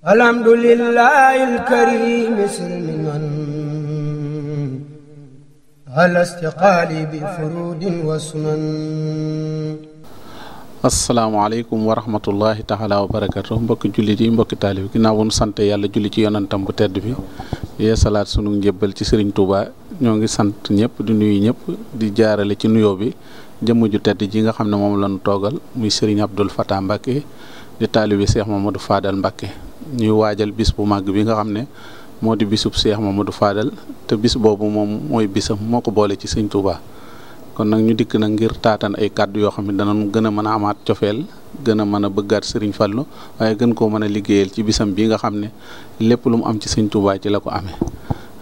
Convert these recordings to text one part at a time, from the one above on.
alhamdulillahi alkarim silmiman ala istiqaali bi furudin wa sunan asalaamaaleykum wa rahmatullahi taala wa barakatu mbokki jullit yi mbokki taalib ginnaaw bu nu sant yàlla julli ci yonantam bu tedd bi yee salaat sunu njëbbal ci sëriñ Touba ñoo ngi sant ñëpp di nuyu ñëpp di jaarale ci nuyo bi jëmm ju tedd ji nga xam ne moom lañu toogal muy sëriñ Abdul Fatah Mbacke di taalibi Cheikh Mamadou Fadal Mbacke ñuy waajal bis bu màgg bi nga xam ne moo di bisub Seex du Faadal te bis boobu moom mooy bisam moo ko boole ci sëñ Tuubaa kon nag ñu dikk nag ngir taatan ay kàddu yoo xam ne danañ gën a mën a amaat cofeel gën a mën a bëggaat sëriñ Fallu waaye gën koo mën a liggéeyal ci bisam bi nga xam ne lépp lu mu am ci sëñ Tuubaa ci la ko ame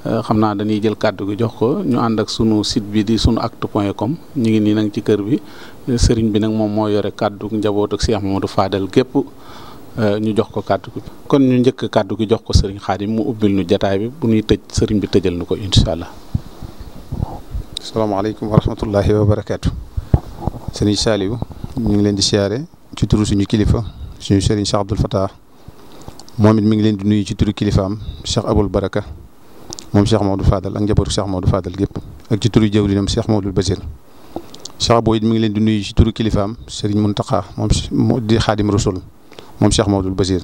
euh, xam naa dañuy jël kàddu gi jox ko ñu ànd ak sunu site bi di sunu actu point comme ñu ngi nii nag ci kër bi sëriñ bi nag moom moo yore kàddu njaboot ak ma du Faadal gépp Euh, ñu jox ko kàddu gi kon ñu njëkk kàddu gi jox ko sëriñ Xaadim mu ubbil ñu jataay bi bu ñuy tëj sëriñ bi tëjal ñu ko incha allah. asalaamaaleykum wa rahmatullahi wa sëriñ Saliou ñu ngi leen di siyaare ci turu suñu kilifa suñu sëriñ Cheikh Abdoul Fatah moom it mi ngi leen di nuyu ci turu kilifaam Cheikh Aboul Baraka moom Cheikh Maodou njabootu Cheikh Maodou gépp ak ci turu jawriñam Cheikh Maodou Basir Cheikh Abo it mi ngi leen di nuyu ci turu kilifaam sëriñ Mountakha moom di Xaadim Rasul moom Cheikh Maodul Basir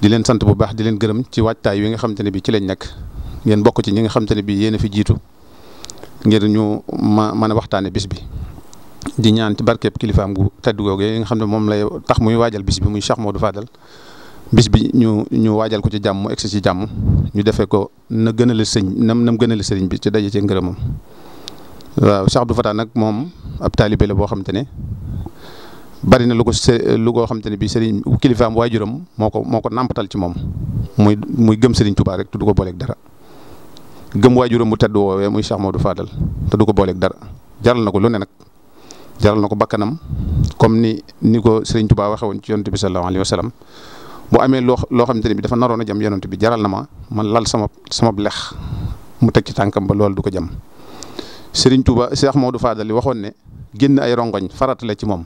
di leen sant bu baax di leen gërëm ci waajtaay wi nga xamante ne bi ci lañ nekk ngeen bokk ci ñi nga xamante ne bi yéen a fi jiitu ngir ñu ma mën a waxtaane bis bi di ñaan ci barkeeb kilifaam gu tedd googu yi nga xam ne moom lay tax muy waajal bis bi muy Cheikh Maodou Fadal bis bi ñu ñu waajal ko ci jàmm mu egsi ci jàmm ñu defee ko na gën a la nam nam gën a la sëriñ bi ci daje ci ngërëmam waaw Cheikh Abdou Fatah nag moom ab taalibe la boo xamante ne bari na lu ko lu koo xam te ne bii sëriñ kilifaam waajuram moo ko moo ko nàmpatal ci moom muy muy gëm sëriñ tubaa rek te du ko booleek dara gëm waajuram mu tedd woowee muy Cheikh Modou Fadal te du ko booleeg dara jaral na ko lu ne nag jaral na ko bakkanam comme ni ni ko sëriñ tubaa waxee woon ci yonent bi sallallahu alayhi wa sallam bu amee loo loo xamante ne bi dafa naroon a jam yonent bi jaral na ma man lal sama sama lex mu teg ci tànkam ba loolu du ko jam tubaa Tuubaa moo du Fadal li waxoon ne génn ay rongoñ farata la ci moom.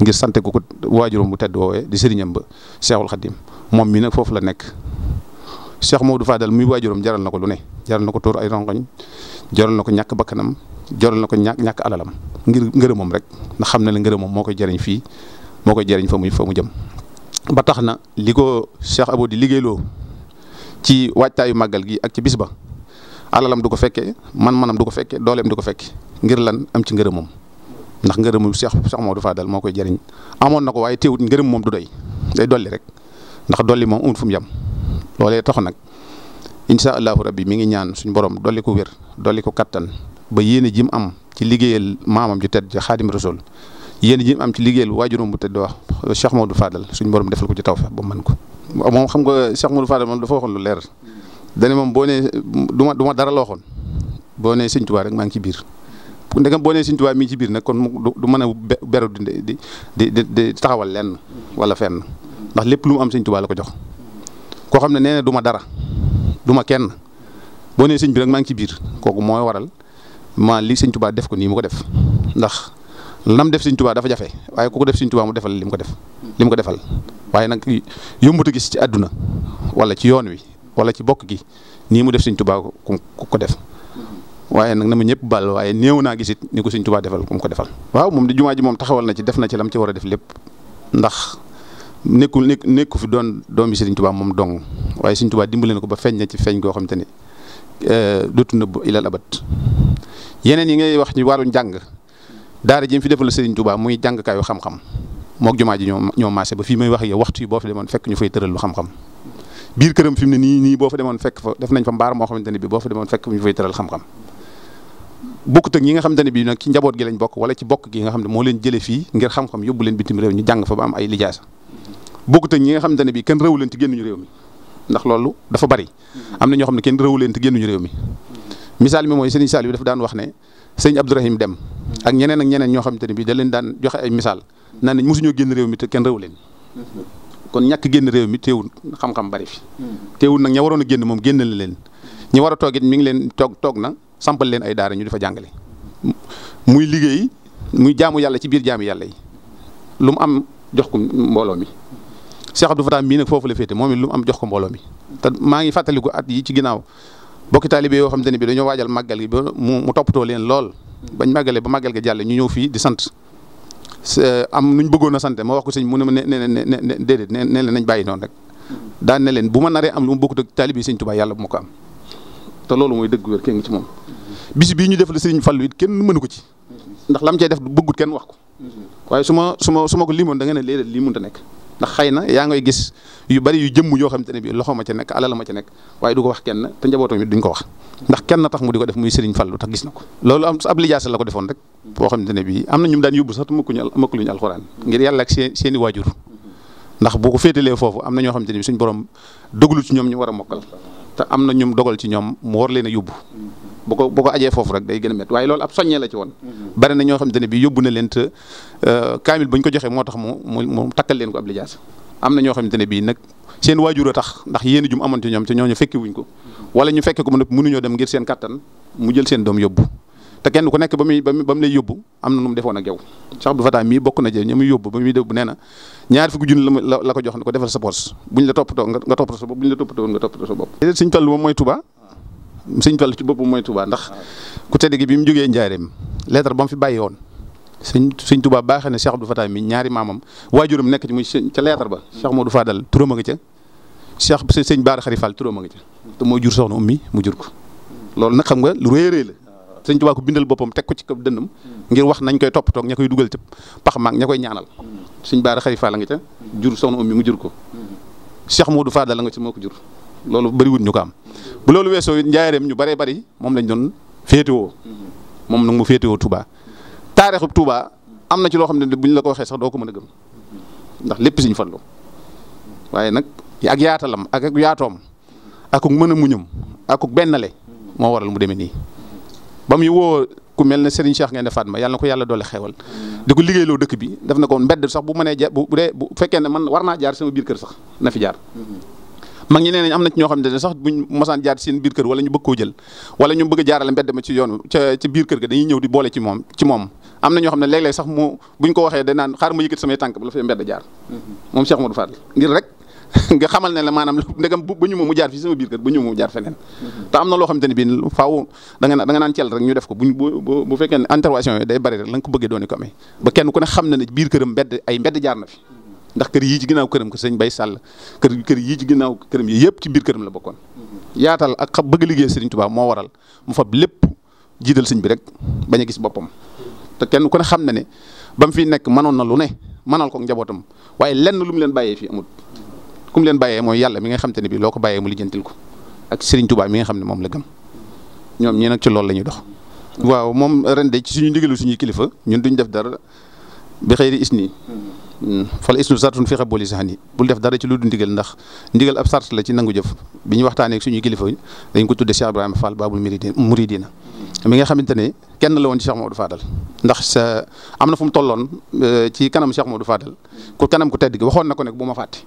ngir sante ko ko waajuram bu tedd woowee di sëriñam ba Seexul Xaddim moom mi nag foofu la nekk Cheikh Maodo Fadal muy waajuram jaral na ko lu ne jaral na ko tóor ay rongoñ jaral na ko ñàkk bakkanam jaral na ko ñàkk ñàkk alalam ngir ngërëmam rek na xam na ne ngërëmam moo koy jëriñ fii moo koy jëriñ fa muy fa mu jëm ba tax na li ko Cheikh Abo di liggéeyloo ci waajtaayu màggal gi ak ci bis ba alalam du ko fekkee man-manam du ko fekkee dooleem du ko fekkee ngir lan am ci ngërëmam ndax mu ngërëmu Cheikh Cheikh Modou Fadal moo koy jariñ amoon na ko waaye teewut ngërëm moom du doy day dolli rek ndax dolli moom amul fu mu yem loolee tax nag incha allahu rabbi mi ngi ñaan suñu borom dolli ko wér dolli ko kattan ba yéene ji mu am ci liggéeyal maamam ju tedd ja Xaadim Rasul yéene ji mu am ci liggéeyal waajuram bu tedd wax Cheikh Modou Fadal suñu borom defal ko ci tawfeex ba mën ko moom xam nga Cheikh Modou Fadal moom dafa waxoon lu leer dane moom boo du ma du ma dara la waxoon boo nee Sëñ Tuubaa rek maa ngi ci biir. ndegam boo nee Sëñ mi ci biir nag kon du mën a beru di di di taxawal lenn wala fenn ndax lépp lu am Sëñ Tuubaa la ko jox koo xam ne nee na du ma dara du ma kenn boo nee sëñ bi rek maa ngi ci biir kooku mooy waral ma li Sëñ def ko nii mu ko def ndax nam def siñ Tuubaa dafa jafe waaye ku ko def Sëñ Tuubaa mu defal li mu ko def li ko defal waaye nag yombut a gis ci àdduna wala ci yoon wi wala ci bokk gi nii mu def Sëñ Tuubaa ku ko def waaye nag na ma ñëpp bal waaye new naa gisit ni ko Sëñ Tuubaa defal ku ko defal waaw moom di jumaa ji moom taxawal na ci def na ci lam ci war a def lépp ndax nekku nekk nekku fi doon doom bi Sëriñ Tuubaa moom dong waaye Sëriñ Tuubaa dimbale ko ba feeñ na ci feeñ goo xam ni eh, dootu nëbb ilal abat yeneen yi ngay wax ci wàllu njàng daara ji fi defal Sëriñ Tuubaa muy jàngkaayu xam-xam mook jumaa ji ñoo ñoo maase ba fii may wax yow waxtu yi boo fa demoon fekk ñu fay tëral lu xam-xam fekk fa def nañ fa mbaar moo xamante ne bi boo fa demoon fekk ñu fay tëral xam-xam bokkut ak ñi nga xamante ne bii nag ci njaboot gi lañ bokk wala ci bokk gi nga xam ne moo leen jëlee fii ngir xam-xam yóbbu leen bitim réew ñu jàng fa ba am ay lijaasa bokkut ak ñi nga ne bii kenn rëwu leen ci génnuñu réew mi ndax loolu dafa bari am na ñoo xam ne kenn rëwu leen ci génnuñu réew mi misaal mi mooy sëriñ Saaliw bi dafa daan wax ne sëriñ Abdourahim Dem ak ñeneen ak ñeneen ñoo xamante ne bii da leen daan joxe ay misaal naan nañ mosuñoo génn réew mi te kenn rëwu leen kon ñàkk génn réew mi teewul xam-xam bari fi hmm. teewul nag ña waroon a génn moom génn leen ñu war a toog it mi ngi leen toog toog na sampal leen ay daara ñu di fa jàngale muy liggéey muy jaamu yàlla ci biir jaamu yàlla yi lu mu am jox ko mbooloo mi Cheikh Abdou Fatah mii nag foofu la féete moom it lu am jox ko mbooloo mi te maa ngi fàttaliku at yi ci ginnaaw bokki taalibe yoo xam te ne bi dañoo waajal màggal yi ba mu mu toppatoo leen lool bañ màggalee ba màggal ga jàll ñu ñëw fii di sant am nuñ bëggoon sante moo ma wax ko sëñ mu ne ma ne ne ne ne déedéet ne leen nañ bàyyi noonu rek daan ne leen bu ma naree am lu mu bokkut ak taalibe Sëñ Tuubaa yàlla bu ma ko am te loolu mooy dëgg wér kii ngi moom bis bii ñu def la sëriñ Fallu it kenn mënu ko ci ndax lam cay def bëggut kenn wax ko waaye suma ma su ma su ma ko limoon da nga ne léeg-léeg lii nekk ndax xëy na yaa ngay gis yu bari yu jëmm yoo xam te ne bii loxo ma ca nekk alal ma ca nekk waaye du wax kenn te njabootam it duñ ko wax ndax kenn tax def muy sëriñ Fallu tax gis na ko loolu am ab lijaasa la ko defoon rek boo xam te ne bii am na ñu daan yóbbu sax te mëkkuñu mëkkuluñu alxuraan ngir yàlla ak seen seeni waajur ndax boo ko féetalee foofu am na ñoo xam te ne bi suñ borom ñoom ñu war a mokkal te am na ñum dogal ci ñoom mu war leen a yóbbu bu ko bu ko ajee foofu rek day gën a métti waaye loolu ab soññee la ci woon bari na ñoo xam te ne bii yóbbu na leen te euh, kaamil ba ko joxee moo tax mu mu mu takkal leen ko ab lijaas am na ñoo xamante ne bii nag seen waajur a tax ndax yéen jum amoon ci ñoom te ñooñu fekki wuñ ko wala ñu fekke ko mu mënuñoo dem ngir seen kattan mu jël seen doom yóbbu te kenn ku nekk ba muy ba mu lay yóbbu am na nu mu defoon ak yow Cheikh Abdou Fatah mii bokk na ci ña muy yóbbu ba ko jox ni ko defal sa poos buñ la toppatoo nga toppatoo sa bopp buñ ndax ku tedd gi bi mu jógee Njaareem lettre ba mu fi bàyyi woon sëñ sëñ Touba baaxee na Cheikh Abdou Fatah mi ñaari maamam waajuram nekk ci muy ca lettre ba Cheikh Modou Fadal turam a nga ca Cheikh sëñ Baara Xari Fall turam a nga ca te moo jur soxna ummi mu jur ko loolu nag xam nga lu réeréer la sëñ Tuubaa bindal boppam teg ko ci kab dënnam ngir wax nañ koy toppatoo ña koy dugal ci pax maag ña koy ñaanal sëñ Baara Xari Faal la nga ca jur soxna Ummi mu jur ko Cheikh Modou Fadal la nga ci moo ko jur loolu bëriwut ñu ko am bu loolu weesoo it njaayareem ñu bëree bëri moom lañ doon féetewoo moom nag mu féetewoo Touba taarixub Touba am na ci loo xam ne buñ la ko waxee sax doo ko mën a gëm ndax lépp Sëñ Fallu waaye nag ak yaatalam ak ak yaatoom akuk mën a muñum akuk bennale moo waral mu demee nii ba muy woo ku mel ne Serigne Cheikh Gaïndé Fatma yàlla na ko yàlla doole xewal di ko liggéeyloo dëkk bi def na ko mbedd sax bu mënee ja bu dee bu fekkee ne man war naa jaar sama biir kër sax na mm-hmm. nee nañ am na ñoo xam ne sax buñ mosaan jaar seen biir wala ñu bëgg koo jël wala ñu bëgg a jaarale mbedd ma yoon ca ci biir kër ga dañuy ñëw di boole ci moom ci moom am na ñoo xam ne léeg-léeg sax mu ñu ko waxee da naan xaar ma yëkkat samay tànk bu la fee mbedd jaar mm-hmm. moom Cheikh Modou Fall ngir nga xamal ne la maanaam ndegam bu ñu moom mu jaar fii sama biir kër bu ñu mu jaar feneen mhm. te am na loo xamante ne biin faaw da nga da naan cel rek ñu def ko bu bu fekkee ne intervention yi day bari rek la nga ko bëggee dooni ko amee ba kenn ku ne xam na ne biir na fi mhm. ndax kër yii ci ginnaaw këram ko sëñ Bay Sàll kër yii ci ginnaaw këram yi yëpp ci biir këram la bokkoon mhm. yaatal ak xam bëgg liggéey Sëriñ Tuubaa moo waral mu fab lépp jiital sëñ bi rek bañ a gis boppam te kenn ku ne xam na ne ba mu fi nekk mënoon na lu ne mënal ko njabootam waaye lenn lu mu leen bàyyee fii amut kum leen bàyyee mooy yàlla mi nga xam te ne loo ko bàyyee mu lijjantil ko ak Serigne Touba mi nga xam ne moom la gëm ñoom ñi nag ci loolu la ñuy dox. waaw moom ren de ci suñu ndigalu suñuy kilifa ñun duñ def dara bi xëy is nii. Hmm. fal isnu sartun fi xaboli saxani bul def dara ci lu du ndigal ndax ndigal ab sart la ci nangu jëf bi ñu waxtaanee ak suñuy kilifa dañ ko tudde Cheikh Ibrahima Fall Babul Muridina mi nga xamante ne kenn la woon ci Cheikh Maodo Fadal ndax sa am na fu mu tolloon eh, ci kanam Cheikh moo du ku kanam ku tedd gi waxoon na ko ne bu ma fàtte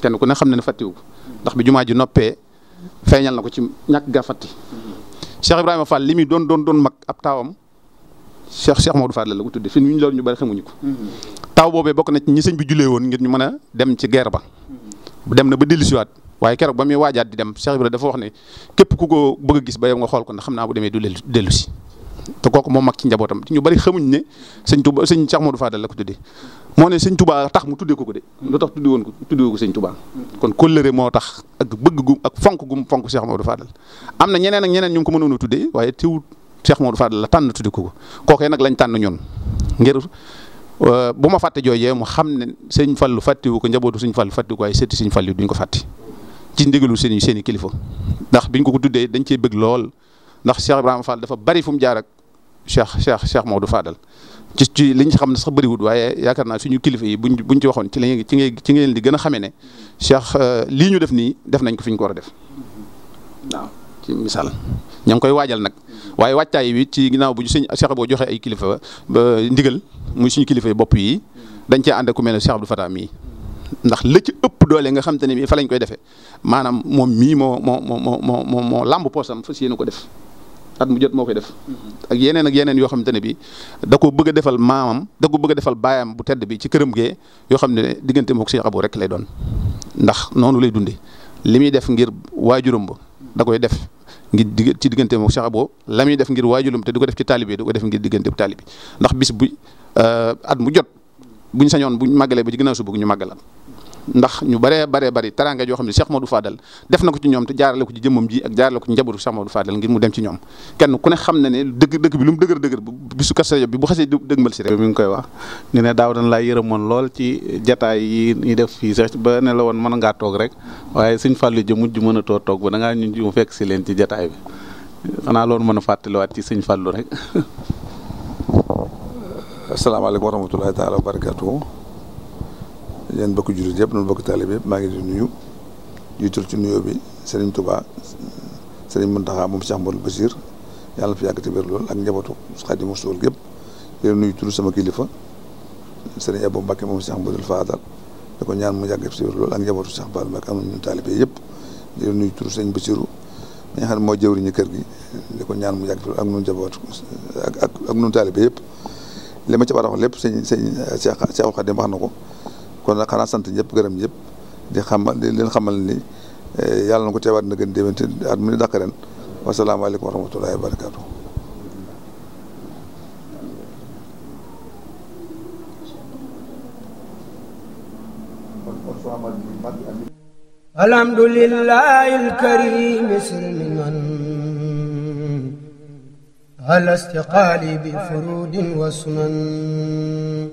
kenn ko ne xam ne fàttiwu ko ndax bi jumaa ji noppee feeñal na ko ci ñàkk ga fàtti Cheikh Ibrahima Fall li muy doon doon doon mag ab taawam Cheikh Cheikh Maodo Fall la ko tuddee fi ñu loolu ñu bari xamuñu ko. taw boobee bokk na ci sëñ bi jullee woon ngir ñu mën a dem ci guerre ba. dem na ba dellusiwaat waaye keroog ba muy waajaat di dem Cheikh Ibrahima dafa wax ne képp ku ko bëgg gis ba yow xool ko ndax xam naa bu demee du dellusi te kooku moom mag ci njabootam ñu bari xamuñ ne sëñ Tuuba sëñ Cheikh Maodo Fall la ko tuddee moo ne sëñ tubaa tax mu tuddee ko ko de lu tax tuddee woon ko tuddee ko sëñ tubaa kon kóllëre moo tax ak bëgg gum ak fonk gum fonk Cheikh Maodo Fadal am na ñeneen ak ñeneen ñu ko mënoon a tuddee waaye teewul Cheikh Maodo Fadal la tànn ko ko kookee nag lañ tànn ñun ngir euh, bu ma fàtte joojee mu xam ne sëñ Fallu fàttiwu ko njabootu sëñ Fallu fàttiwu ko waaye sëtti sëñ Fallu duñ ko fàtti ci ndigalu seen seen i kilifa ndax biñ ko ko tuddee dañ cee bëgg lool ndax Cheikh Ibrahima Fall dafa bari fu mu jaar ak Cheikh Cheikh Cheikh Maodo Fadal ci ci li ñu xam ne sax bëriwut waaye yaakaar naa suñu kilifa yi buñ buñ ci waxoon ci lañuy ci ngay ci ngeen di gën ne Cheikh euh, lii ñu def nii def nañ ko fi ñu a def waaw ci ngi koy waajal nag waaye waajtaay wi ci ginnaaw bu sëñ Cheikh boo joxee ay kilifa ba ndigal muy suñu kilifa yi bopp yi dañ cee ànd ak ku mel ne Cheikh Abdou Fatah mii ndax la ëpp doole nga xam te ne bii fa lañ koy defee maanaam moom mii moo moo moo moo moo moo làmb poosam fas yéene ko def. at mu jot moo koy def. ak yeneen ak yeneen yoo xamante ne bi da ko bëgg a defal maamam da ko bëgg defal baayam bu tedd bi ci këram gee yoo xam ne diggante mook Cheikh Abou rek lay doon ndax noonu lay dundee li muy def ngir waajuram ba da koy def. ngir dig ci diggante moom Cheikh Abo la muy def ngir waajulam te du ko def ci taalibe du ko def ngir diggante bu taalibe ndax bis bu euh, at mu jot buñ sañoon buñ màggalee ba ci ginnaaw suba ñu màggalaan ndax ñu baree bare bari teraanga joo xam ne Cheikh Modou Fadal def na ko ci ñoom te jaarale ko ci jëmmam ji ak jaarale ko ci njabootu Cheikh Modou Fadal ngir mu dem ci ñoom kenn ku ne xam na ne dëgg dëgg bi lu mu dëgër dëgër bisu Kazu Rajab bi bu xasee dëgmal si rek ngi koy wax ne daaw dañ laa yërëmoon lool ci jataay yi def fii sax ba ne la woon mën ngaa toog rek waaye Sëñ Fallou ja mujj mën a too toog ba da ngaa ñu mu fekk si leen ci jataay bi xanaa lool mën a fàttaliwaat ci Sëñ Fallou rek asalaamaaleykum wa rahmatulahi taala wa barakatuh yéen bokk jullit yëpp noonu bokk taalibe yëpp maa ngi di nuyu jiital ci nuyoo bi Serigne Touba Serigne Mountakha moom Cheikh Mboul Bachir yàlla na fi yàgg te wér lool ak njabootu Xaadimu Rasuul yëpp di nuyu tudd sama kilifa Serigne Abou Mbacké moom Cheikh Mboul Fadal da ko ñaan mu yàgg te wér lool ak njabootu Cheikh Baal Mbacké am nañu taalibe yëpp di nuyu tudd Serigne Bachirou mi nga xam ne mooy jëwriñu kër gi di ko ñaan mu yàgg te wér ak ñun njabootu ak ak ak ñun taalibe yëpp li ma ci war a wax lépp sëñ sëñ Cheikh Cheikh Khadim wax na ko kon nag xanaa sant ñëpp gërëm ñëpp di xamal eh, ko teewaat na gën déwén te at mu ni dàq ren wa rahmatullahi